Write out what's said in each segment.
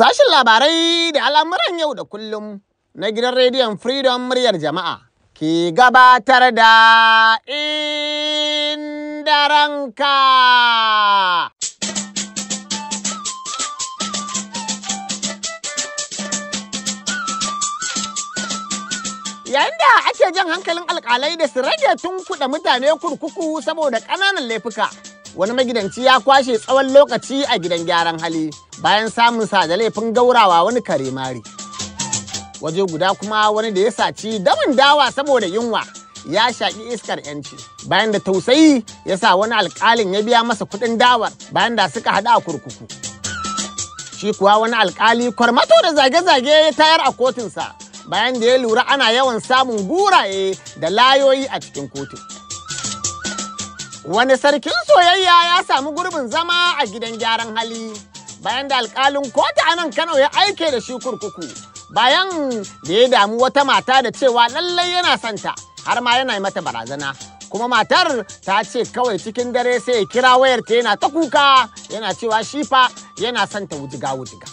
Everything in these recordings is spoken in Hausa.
Sashen labarai da al'amuran yau da kullum na gidan rediyon Freedom muryar jama'a ke gabatar da inda ranka. yayin da ake jan hankalin alkalai da su rage tun kuɗa mutane kurkuku saboda ƙananan laifuka wani magidanci ya kwashe tsawon lokaci a gidan gyaran hali bayan samun sa da laifin gaurawa wani kare mari. Waje guda kuma wani da ya saci damin dawa saboda yunwa ya shaƙi iskar yanci bayan da tausayi ya sa wani alƙalin ya biya masa kuɗin dawar bayan da suka haɗu a kurkuku. Shi kuwa wani alƙali kwarmato da zage-zage ya tayar a kotunsa bayan da ya lura ana yawan samun guraye da layoyi a cikin kotun. Wani sarkin soyayya ya samu gurbin zama a gidan gyaran hali bayan da alkalin kota a nan Kano ya aike da shi kurkuku bayan da ya damu wata mata da cewa lallai yana santa har ma yana mata barazana. kuma matar ta ce kawai cikin dare sai ya kira wayar ta yana ta kuka yana cewa shi fa yana son wujiga wujiga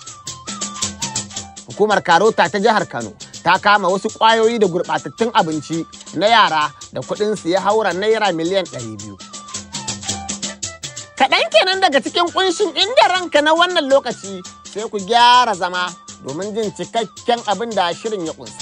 hukumar karota ta jihar kano ta kama wasu kwayoyi da gurɓatattun abinci na yara da su ya haura naira miliyan 200 Kaɗan kenan daga cikin kunshin inda ranka na wannan lokaci sai ku gyara zama domin jin cikakken abin da shirin ya ƙunsa.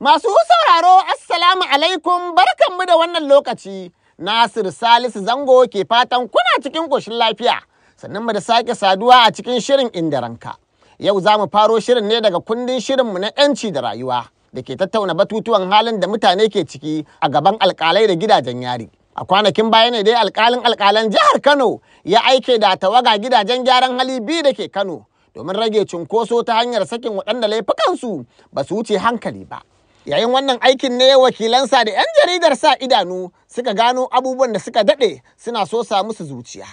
Masu sauraro Assalamu alaikum barkanmu da wannan lokaci Nasir Salisu Zango ke fatan kuna cikin ƙoshin lafiya sannan mu da sake saduwa a cikin shirin inda ranka. Yau za mu faro shirin ne daga kundin shirinmu na 'yanci da rayuwa. da ke tattauna batutuwan halin da mutane ke ciki a gaban alkalai da gidajen yari. a kwanakin baya ne dai alkalin alkalan jihar kano ya aike da tawaga gidajen gyaran hali biyu da ke kano domin rage cunkoso ta hanyar sakin waɗanda laifukansu ba su wuce hankali ba yayin wannan aikin ne wakilansa da 'yan jaridar sa idanu suka gano abubuwan da suka daɗe suna so sa musu zuciya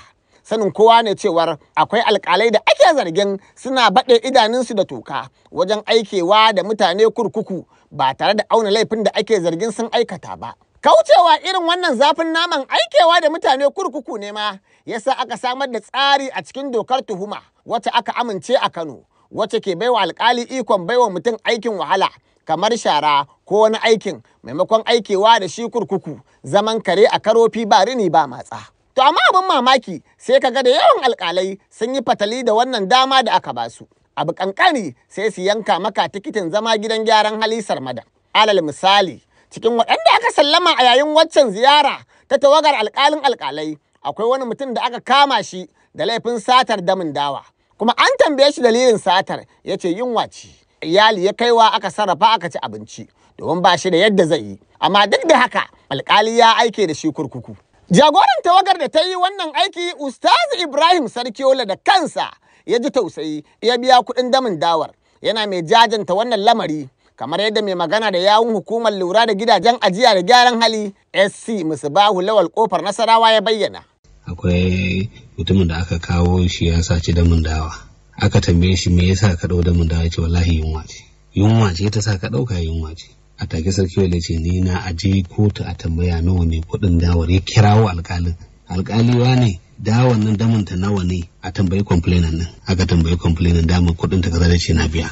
sanin kowa ne cewar akwai alkalai da ake zargin suna baɗe idanunsu da toka wajen aikewa da mutane kurkuku ba tare da auna laifin da ake zargin sun aikata ba Kaucewa irin wannan zafin naman aikewa da mutane kurkuku ne ma yasa aka samar da tsari a cikin dokar tuhuma wacce aka amince a Kano wacce ke baiwa alkali ikon baiwa mutum aikin wahala kamar shara ko wani aikin maimakon aikewa da shi kurkuku zaman kare a karofi ba rini ba matsa. To amma abin mamaki sai kaga da yawan alkalai sun yi fatali da wannan dama da aka ba su, Abu kankani sai su yanka maka tikitin zama gidan gyaran halisar madan. Alal misali Cikin waɗanda aka sallama a yayin waccan ziyara ta tawagar alƙalin alƙalai akwai wani mutum da aka kama shi da laifin satar damin dawa. Kuma an tambaye shi dalilin satar ya ce yunwa ce. Iyali ya kaiwa aka sarrafa aka ci abinci domin ba shi da yadda zai yi. Amma duk da haka alƙali ya aike da shi kurkuku. Jagoran tawagar da ta yi wannan aiki Ustaz Ibrahim Sarkiola da kansa ya ji tausayi ya biya kuɗin damin dawar yana mai jajanta wannan lamari kamar yadda mai magana da yawun hukumar lura da gidajen ajiya da gyaran hali sc bahu lawal kofar nasarawa ya bayyana akwai mutumin da aka kawo shi ya saci damin dawa aka tambaye shi me yasa ka dau damin dawa ce wallahi yunwa ce yunwa ce ta sa ka dauka yunwa ce a take sarki wale ce ni na aje kotu a tambaya nawa ne kudin dawar ya kirawo alkalin alkaliwa ne dawar nan damin ta nawa ne a tambayi complainant nan aka tambayi complainant damar kudin ta kaza da ce na biya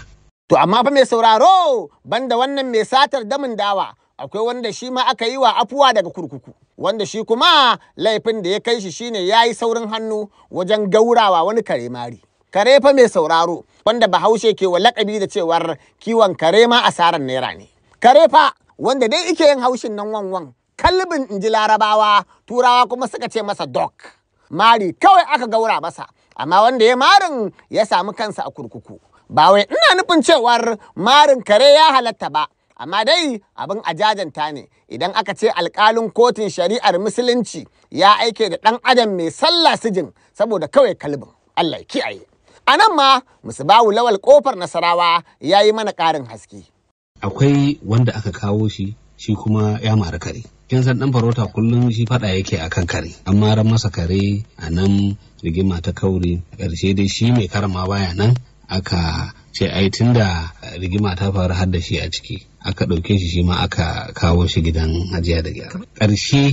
To amma fa mai sauraro banda wannan mai satar damin dawa akwai wanda shi ma aka yi wa afuwa daga kurkuku wanda shi kuma laifin da ya kai shi shine ya yi saurin hannu wajen gaurawa wani kare mari. Kare fa mai sauraro wanda bahaushe ke wa lakabi da cewar kiwon kare ma asaran naira ne. Kare fa wanda dai ike yin haushin nan wanwan kalbin inji larabawa turawa kuma suka ce masa dok. Mari kawai aka gaura masa amma wanda ya marin ya samu kansa a kurkuku. ba wai ina nufin cewar marin kare ya halatta ba amma dai abin a jajanta ne idan aka ce alkalin kotun shari'ar musulunci ya aike da ɗan adam mai sallah sijin saboda kawai kalbin allah ya kiyaye a nan ma bawu lawal kofar nasarawa ya yi mana ƙarin haske akwai wanda aka kawo shi shi kuma ya mara kare kin san dan farauta kullum shi fada yake akan kare amma ran masa kare a nan rigima ta kauri Karshe dai shi mai karama baya nan aka ce ai tun da rigima ta faru har da shi a ciki aka ɗauke shi shi ma aka kawo shi gidan hajiya da gyara ƙarshe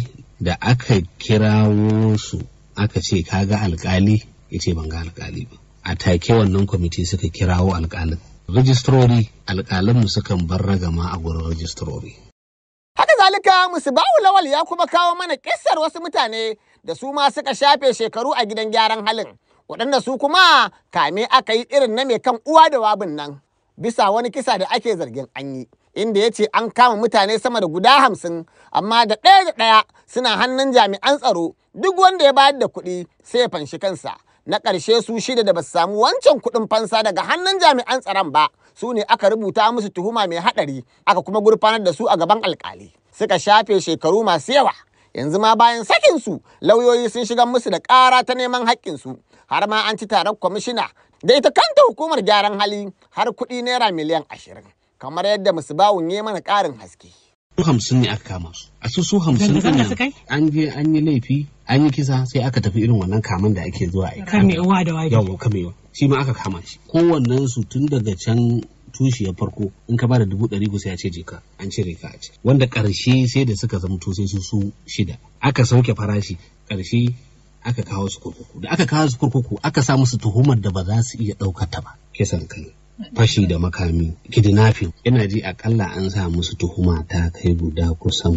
da aka kirawo su aka ce kaga alkali ya ce ban ga alkali ba a take wannan kwamiti suka kirawo alkalin rijistirori alkalinmu sukan bar ragama a gurin rijistirori haka zalika bawu lawal ya kuma kawo mana kisar wasu mutane da su ma suka shafe shekaru a gidan gyaran halin waɗanda su kuma kame aka yi irin na mai kan uwa da wabin nan bisa wani kisa da ake zargin an yi inda ya ce an kama mutane sama da guda hamsin amma da ɗaya da ɗaya suna hannun jami'an tsaro duk wanda ya bayar da kuɗi sai ya fanshi kansa na ƙarshe su shida da ba su samu wancan kuɗin fansa daga hannun jami'an tsaron ba su ne aka rubuta musu tuhuma mai haɗari aka kuma gurfanar da su a gaban alƙali suka shafe shekaru masu yawa yanzu ma bayan sakinsu lauyoyi sun shiga musu da ƙara ta neman haƙƙinsu har ma an ci taron kwamishina da ita kanta hukumar gyaran hali har kuɗi naira miliyan ashirin kamar yadda musu musubawun ya mana ƙarin haske. su hamsin ne aka kama su a su su hamsin ne an je an yi laifi an yi kisa sai aka tafi irin wannan kaman da ake zuwa a kamewa da kamewa shi ma aka kama shi kowannen su tun daga can ya farko in ka bada dubu ɗari sai a ce jeka an cire ka a ce wanda ƙarshe sai da suka to sai su su shida aka sauke farashi ƙarshe aka kawo su kurkuku da aka kawo su kurkuku aka sa musu tuhumar da ba za su iya ɗaukar ba kisan kai fashi da makami kidnapping yana ji akalla an sa musu tuhuma ta kai guda kusan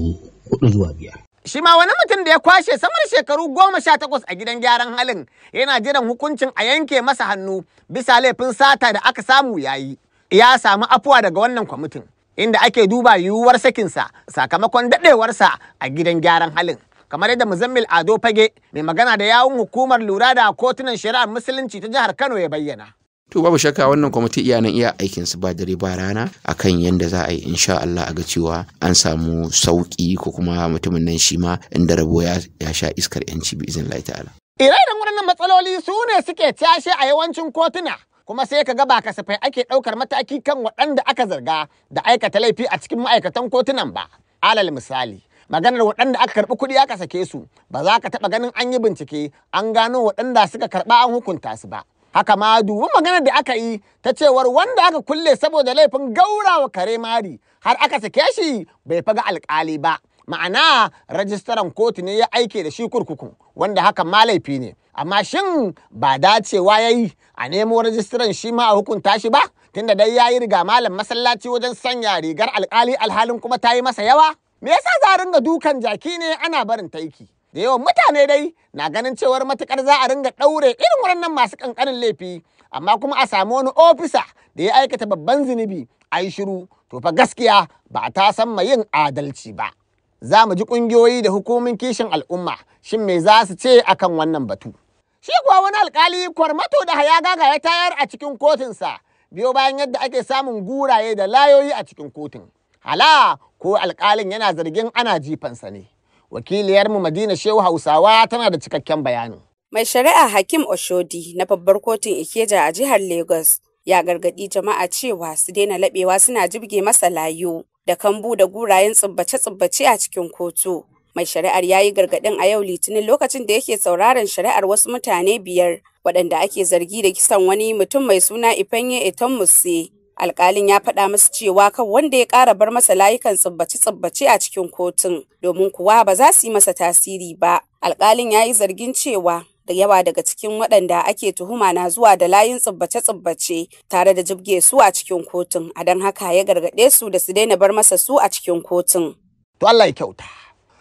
hudu zuwa biyar shi ma wani mutum da ya kwashe sama shekaru goma sha takwas a gidan gyaran halin yana jiran hukuncin a yanke masa hannu bisa laifin sata da aka samu ya yi ya samu afuwa daga wannan kwamitin inda ake duba yiwuwar sakinsa sakamakon daɗewarsa a gidan gyaran halin kamar yadda muzammil ado fage mai magana da yawun hukumar lura da kotunan shari'ar musulunci ta jihar kano ya bayyana to babu shakka wannan kwamiti iya nan iya aikin su ba dare ba rana akan yadda za a yi insha Allah a ga cewa an samu sauki ko kuma mutumin nan shi ma inda rabo ya sha iskar yanci bi izin Allah ta'ala ire-iren matsaloli su ne suke tashe a yawancin kotuna kuma sai ka ga ba kasafai ake ɗaukar mataki kan waɗanda aka zarga da aikata laifi a cikin ma'aikatan kotunan ba alal misali maganar waɗanda aka karɓi kuɗi aka sake su ba za ka taɓa ganin an yi bincike an gano waɗanda suka karɓa an hukunta su ba haka ma dubin maganar da aka yi ta cewar wanda aka kulle saboda laifin gaurawa kare mari har aka sake shi bai faga alkali ba ma'ana rajistaran kotu ne ya aike da shi kurkuku wanda hakan ma laifi ne amma shin ba dacewa ya yi a nemo rajistaran shi ma a hukunta shi ba tunda dai ya yi riga malam masallaci wajen sanya rigar alkali alhalin kuma ta yi masa yawa Me yasa za a ringa dukan jaki ne ana barin taiki? Da yawan mutane dai na ganin cewar matukar za a ringa ɗaure irin waɗannan masu ƙanƙanin laifi, amma kuma a samu wani ofisa da ya aikata babban zunubi a yi shiru, to fa gaskiya ba ta san ma yin adalci ba. Za mu ji ƙungiyoyi da hukumin kishin al'umma, shin me za su ce akan wannan batu? Shi kuwa wani alƙali kwarmato da gaga ya tayar a cikin kotunsa, biyo bayan yadda ake samun guraye da layoyi a cikin kotun. hala ko alkalin yana zargin ana jifansa ne. wakiliyar mu Madina Shehu Hausawa tana da cikakken bayanin. Mai shari'a Hakim Oshodi na babbar kotun Ikeja a jihar Lagos ya gargaɗi jama'a cewa su daina laɓewa suna jibge masa layu da kambu da gurayen tsubbace-tsubbace a cikin kotu. Mai shari'ar ya yi gargaɗin a yau Litinin lokacin da yake sauraron shari'ar wasu mutane biyar waɗanda ake zargi da kisan wani mutum mai suna Ifenye Eton alkalin ya faɗa musu cewa kan wanda ya ƙara bar masa layukan tsibbace-tsibbace a cikin kotun domin kuwa ba za su yi masa tasiri ba alkalin ya yi zargin cewa da yawa daga cikin waɗanda ake tuhuma na zuwa da layin tsibbace-tsibbace tare da jibge su a cikin kotun a don haka ya gargaɗe su da su daina bar masa su a cikin kotun. To Allah ya kyauta.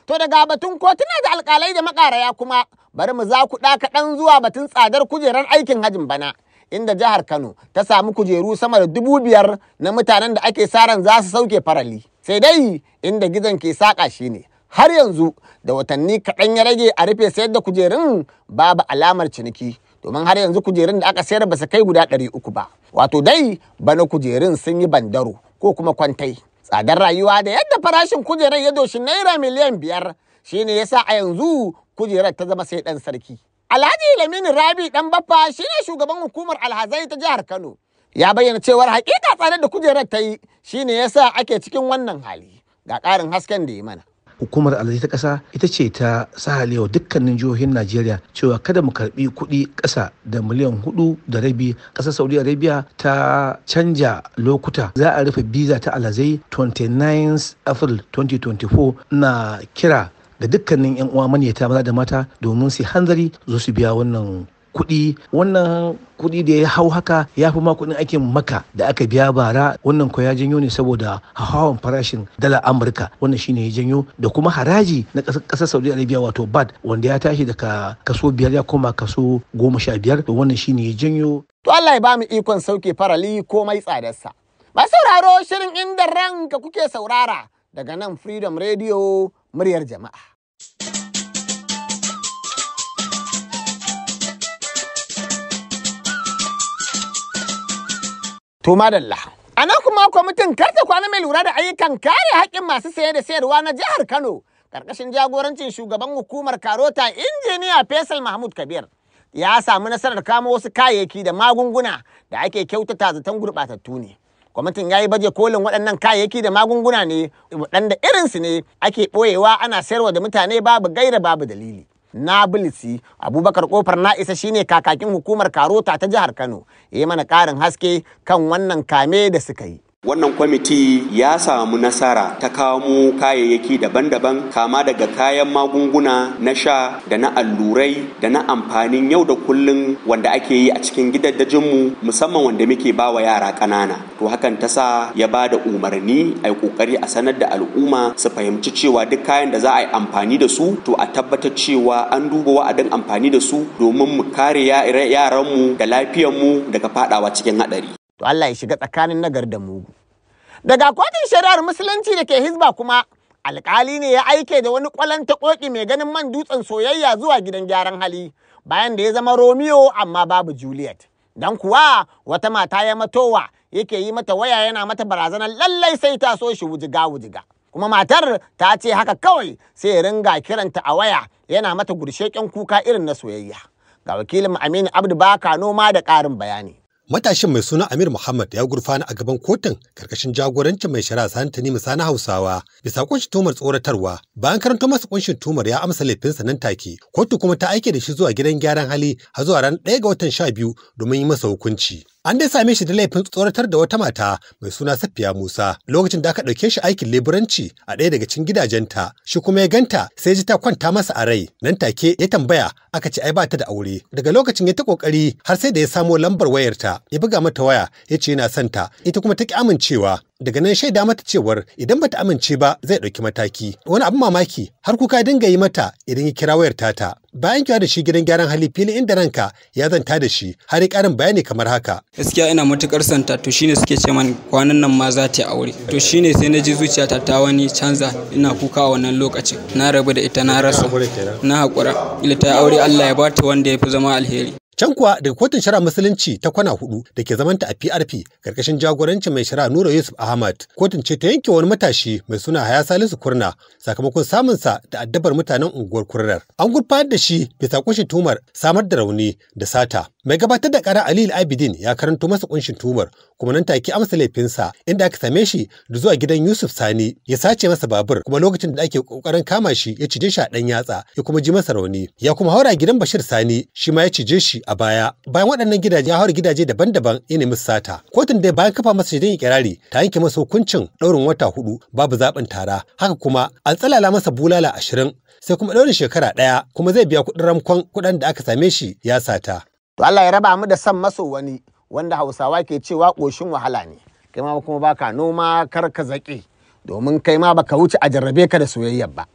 To daga batun kotuna da alƙalai da makaraya kuma bari mu za ku ɗaka ɗan zuwa batun tsadar kujerar aikin hajin bana. inda jihar Kano ta samu kujeru sama da dubu biyar na mutanen da ake sa ran za su sauke farali. Sai dai inda gizon ke saƙa shi ne. Har yanzu da watanni kaɗan ya rage a rufe sayar da kujerun babu alamar ciniki. domin har yanzu kujerun da aka sayar ba su kai guda ɗari uku ba. Wato dai bana kujerun sun yi bandaro ko kuma kwantai. Tsadar rayuwa da yadda farashin kujerar ya doshi naira miliyan biyar shine yasa a yanzu kujerar ta zama sai ɗan sarki. Alhaji laminu Rabi dan Baffa shine shugaban hukumar alhazai ta jihar Kano. Ya bayyana cewar hakika tsadar da kujerar ta yi shine yasa ake cikin wannan hali. Ga ƙarin hasken da ya mana. hukumar alhaji ta ƙasa ita ce ta halewa dukkanin jihohin najeriya cewa kada mu karbi kuɗi ƙasa da miliyan hudu da rabi ƙasar saudi arabia ta canja lokuta za a rufe biza ta alhazai 29 april 2024 na kira da dukkanin 'yan uwa manyata maza da mata domin su hanzari zo su biya wannan kuɗi wannan kuɗi da ya hau haka ya fi ma kuɗin aikin maka da aka biya bara wannan ko ya janyo ne saboda hawan farashin dala amurka wannan shine ya janyo da kuma haraji na ƙasar saudi arabia wato bad wanda ya tashi daga kaso biyar ya koma kaso goma sha biyar wannan shine ya janyo. to allah ya ba ikon sauke farali komai tsadarsa. masu sauraro shirin inda ranka kuke saurara daga nan freedom radio muryar jama'a. To madalla. A nan kuma kwamitin karta kwana mai lura da ayyukan kare haƙƙin masu saye da sayarwa na jihar Kano ƙarƙashin jagorancin shugaban hukumar Karota injiniya Faisal Mahmud Kabir ya samu nasarar kama wasu kayayyaki da magunguna da ake kyautata zaton gurɓatattu ne. kwamitin ya yi baje kolin waɗannan kayayyaki da magunguna ne waɗanda irinsu ne ake ɓoyewa ana sayarwa da mutane babu gaira babu dalili na bilisi abubakar kofar na isa shine kakakin hukumar karota ta jihar kano ya mana ƙarin haske kan wannan kame da suka yi Wannan kwamiti ya samu nasara ta kamo kayayyaki daban-daban kama daga kayan magunguna na sha da na allurai da na amfanin yau da kullum wanda ake yi a cikin gidajenmu musamman wanda muke ba wa yara ƙanana. To hakan ta sa ya ba da umarni a yi ƙoƙari a sanar da al'umma su fahimci cewa duk kayan da za a yi amfani da su to a tabbatar cewa an duba wa'adin amfani da su domin mu kare yaranmu da lafiyarmu daga fadawa cikin haɗari. to Allah ya shiga tsakanin nagar da mugu daga kotun shari'ar musulunci da ke hizba kuma alkali ne ya aike da wani kwalanta koki mai ganin man dutsen soyayya zuwa gidan gyaran hali bayan da ya zama romeo amma babu juliet dan kuwa wata mata ya matowa yake yi mata waya yana mata barazanar lallai sai ta so shi wujiga wujiga kuma matar ta ce haka kawai sai ya ringa kiranta a waya yana mata gursheƙen kuka irin na soyayya ga wakilin aminu abdu baka noma da ƙarin bayani Matashin mai suna Amir Muhammad ya gurfana a gaban kotun karkashin jagorancin mai shari'a Sani Tanimu Sani Hausawa bisa kunshin tumar tsoratarwa. Bayan karanto masa kunshin tumar ya amsa laifinsa nan take. Kotu kuma ta aike da shi zuwa gidan gyaran hali har zuwa ran 1 ga watan 12 domin yi masa hukunci. An dai same shi da laifin tsoratar da wata mata mai suna Safiya Musa lokacin da aka ɗauke shi aikin leburanci a ɗaya daga cikin gidajenta. Shi kuma ya ganta sai ji ta kwanta masa a rai. Nan take ya tambaya aka ce ai bata da aure. Daga lokacin ya ta kokari har sai da ya samo lambar wayarta. Ya buga mata waya ya ce yana son ta. Ita kuma ta ki amincewa daga nan shaida mata cewar idan bata amince ba zai ɗauki mataki wani abin mamaki har kuka dinga yi mata idan ya kira wayar tata bayan kiwa da shi gidan gyaran hali filin inda ranka ya zanta da shi har ƙarin bayani kamar haka gaskiya ina matukar santa to shine suke ce man kwanan nan ma za ta aure to shine sai na ji zuciyata ta wani canza ina kuka a wannan lokacin na rabu da ita na rasa na haƙura ila ta aure Allah ya bata wanda ya fi zama alheri Can kuwa daga kotun shara musulunci ta kwana hudu da ke zamanta a PRP karkashin jagorancin mai shara Nura Yusuf Ahmad. Kotun ce ta yanke wani matashi mai suna Haya Salisu Kurna sakamakon samunsa da addabar mutanen unguwar Kurnar. An gurfanar da shi bisa kunshin tumar samar da rauni da sata. Mai gabatar da kara Aliyu Abidin ya karanto masa kunshin tumar kuma nan take amsa laifinsa inda aka same shi da zuwa gidan Yusuf Sani ya sace masa babur kuma lokacin da ake kokarin kama shi ya cije shi a dan yatsa ya kuma ji masa rauni ya kuma haura gidan Bashir Sani shi ma ya cije shi a baya. Bayan waɗannan gidaje ya haura gidaje daban-daban ya musu sata. Kotun dai bayan kafa masa shaidan ikirari ta yanke masa hukuncin ɗaurin wata hudu babu zaɓin tara. Haka kuma an tsalala masa bulala ashirin sai kuma ɗaurin shekara ɗaya kuma zai biya kuɗin ramkon kuɗin da aka same shi ya sata. To Allah ya raba mu da san maso wani wanda Hausawa ke cewa ƙoshin wahala ne. Kai ma kuma baka noma kar ka zaƙe domin kai ma baka wuce a jarrabe ka da soyayyar ba.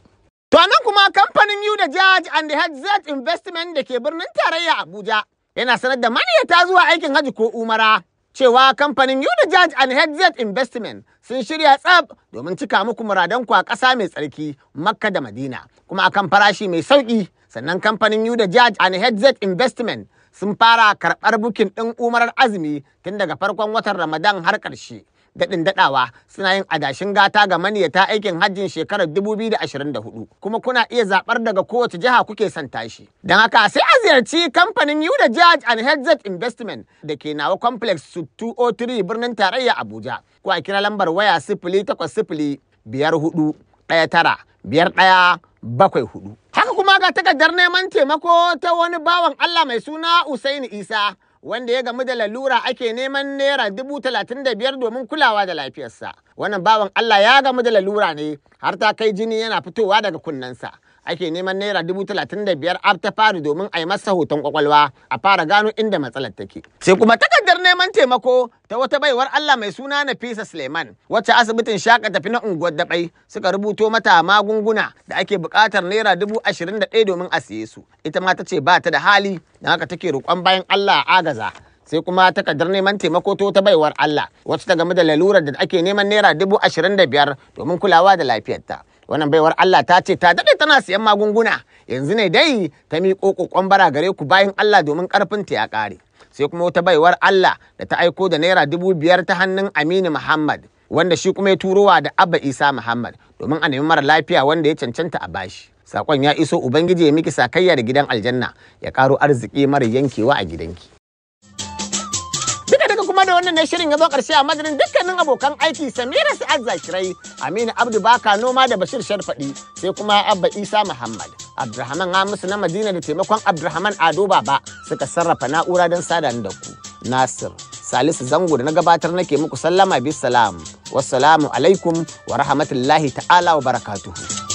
To nan kuma kamfanin Yu da Judge and HZ Investment da ke birnin tarayya Abuja yana sanar da maniyata zuwa aikin hajji ko umara cewa kamfanin Yu da Judge and HZ Investment sun shirya tsab domin cika muku muradan ku a ƙasa mai tsarki Makka da Madina kuma akan farashi mai sauƙi sannan kamfanin Yu da Judge and HZ Investment sun fara karɓar bukin ɗin umarar azumi tun daga farkon watan Ramadan har ƙarshe. daɗin daɗawa suna yin adashin gata ga maniyata aikin hajjin shekarar 2024 kuma kuna iya zaɓar daga kowace jiha kuke son tashi. Don haka sai a ziyarci kamfanin da Judge and Headset Investment da ke nawa complex su 203 birnin tarayya Abuja. Ko a kira lambar waya sifili takwas sifili biyar hudu ɗaya tara biyar ɗaya bakwai hudu. Haka kuma ga takardar neman taimako ta wani bawan Allah mai suna Usaini Isa. wanda ya gamu da lalura ake neman naira dubu talatin da biyar domin kulawa da lafiyarsa wannan bawan Allah ya gamu da lalura ne har ta kai jini yana fitowa daga kunnensa ake neman naira dubu talatin da biyar ab ta fari domin a yi masa hoton kwakwalwa a fara gano inda matsalar take. Sai kuma takardar neman taimako ta wata baiwar Allah mai suna na Fisa Suleiman wacce asibitin shaka tafi na unguwar dabai suka rubuto mata magunguna da ake buƙatar naira dubu ashirin da ɗaya domin a siye su. Ita ma ta ce ba ta da hali da haka take roƙon bayan Allah a agaza. sai kuma takardar neman taimako ta wata baiwar Allah wacce ta game da lalurar da ake neman naira dubu ashirin da biyar domin kulawa da lafiyarta. wannan baiwar Allah ta ce ta daɗe tana siyan magunguna yanzu ne dai ta miƙo ƙoƙon bara gare ku bayan Allah domin ƙarfin ta ya ƙare sai kuma wata baiwar Allah da ta aiko da naira dubu biyar ta hannun Aminu Muhammad wanda shi kuma ya turowa da Abba Isa Muhammad domin a nemi mara lafiya wanda ya cancanta a bashi Saƙon ya iso ubangiji ya miki sakayya da gidan aljanna ya karo arziki mara yankewa a gidanki wannan ne shirin ya zo karshe a madadin dukkanin abokan aiki Samira Sa'ad Zakirai, Aminu Abdu Baka Noma da Bashir Sharfaɗi, sai kuma Abba Isa Muhammad. Abdulrahman Hamisu na Madina da taimakon Abdurrahman Ado Baba suka sarrafa na'ura don sada da ku. Nasir, Salisu Zango da na gabatar nake muku sallama bisalam. Wassalamu alaikum wa rahmatullahi ta'ala wa barakatuhu.